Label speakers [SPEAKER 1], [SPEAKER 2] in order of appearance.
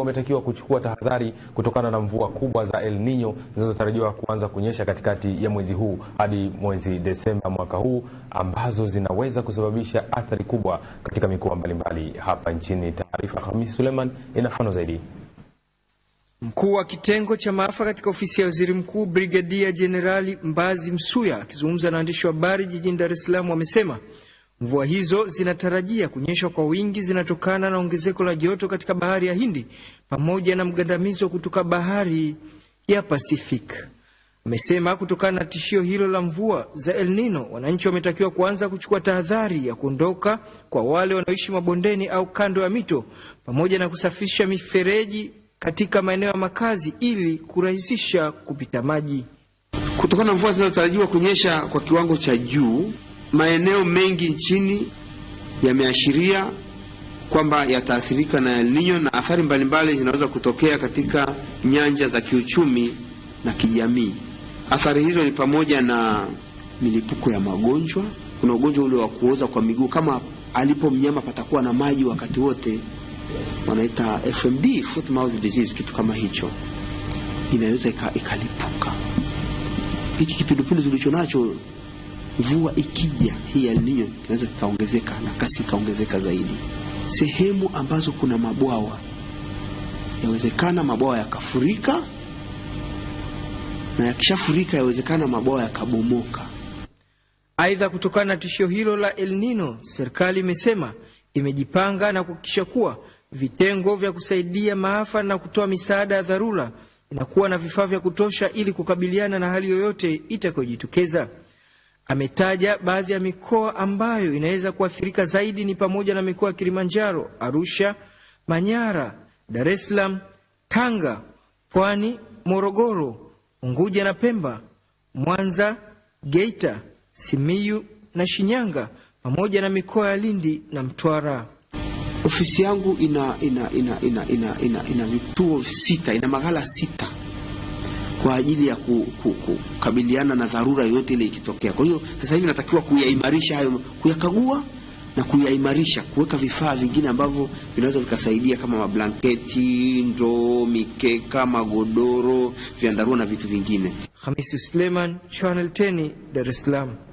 [SPEAKER 1] wametakiwa kuchukua tahadhari kutokana na mvua kubwa za El Nino zinazotarajiwa kuanza kunyesha katikati ya mwezi huu hadi mwezi Desemba mwaka huu, ambazo zinaweza kusababisha athari kubwa katika mikoa mbalimbali hapa nchini. Taarifa Hamis Suleiman inafano zaidi.
[SPEAKER 2] Mkuu wa kitengo cha maafa katika ofisi ya waziri mkuu Brigadia Jenerali Mbazi Msuya akizungumza na waandishi wa habari jijini Dar es Salaam amesema Mvua hizo zinatarajia kunyesha kwa wingi zinatokana na ongezeko la joto katika bahari ya Hindi pamoja na mgandamizo kutoka bahari ya Pasifiki. Amesema kutokana na tishio hilo la mvua za El Nino, wananchi wametakiwa kuanza kuchukua tahadhari ya kuondoka kwa wale wanaoishi mabondeni au kando ya mito pamoja na kusafisha mifereji katika maeneo ya makazi ili kurahisisha kupita maji.
[SPEAKER 3] Kutokana na mvua zinazotarajiwa kunyesha kwa kiwango cha juu maeneo mengi nchini yameashiria kwamba yataathirika na El Nino na athari mbalimbali zinaweza kutokea katika nyanja za kiuchumi na kijamii. Athari hizo ni pamoja na milipuko ya magonjwa. Kuna ugonjwa ule wa kuoza kwa miguu, kama alipo mnyama patakuwa na maji wakati wote, wanaita FMD, foot mouth disease, kitu kama hicho, inaweza ikalipuka. Hiki kipindupindu tulicho nacho mvua ikija hii El Nino inaweza kaongezeka na kasi ikaongezeka zaidi. Sehemu ambazo kuna mabwawa, yawezekana mabwawa yakafurika, na yakishafurika, yawezekana mabwawa yakabomoka.
[SPEAKER 2] Aidha, kutokana na tishio hilo la El Nino, serikali imesema imejipanga na kuhakikisha kuwa vitengo vya kusaidia maafa na kutoa misaada ya dharura inakuwa na vifaa vya kutosha ili kukabiliana na hali yoyote itakayojitokeza. Ametaja baadhi ya mikoa ambayo inaweza kuathirika zaidi ni pamoja na mikoa ya Kilimanjaro, Arusha, Manyara, Dar es Salaam, Tanga, Pwani, Morogoro, Unguja na Pemba, Mwanza, Geita, Simiyu na Shinyanga pamoja na mikoa ya Lindi na Mtwara.
[SPEAKER 3] Ofisi yangu ina, ina, ina, ina, ina, ina, ina vituo sita, ina maghala sita kwa ajili ya kukabiliana na dharura yoyote ile ikitokea. Kwa hiyo sasa hivi natakiwa kuyaimarisha hayo, kuyakagua na kuyaimarisha, kuweka vifaa vingine ambavyo vinaweza vikasaidia kama mablanketi, ndoo, mikeka, magodoro, vyandarua na vitu vingine.
[SPEAKER 4] Hamisi Suleiman, Channel 10, Dar es Salaam.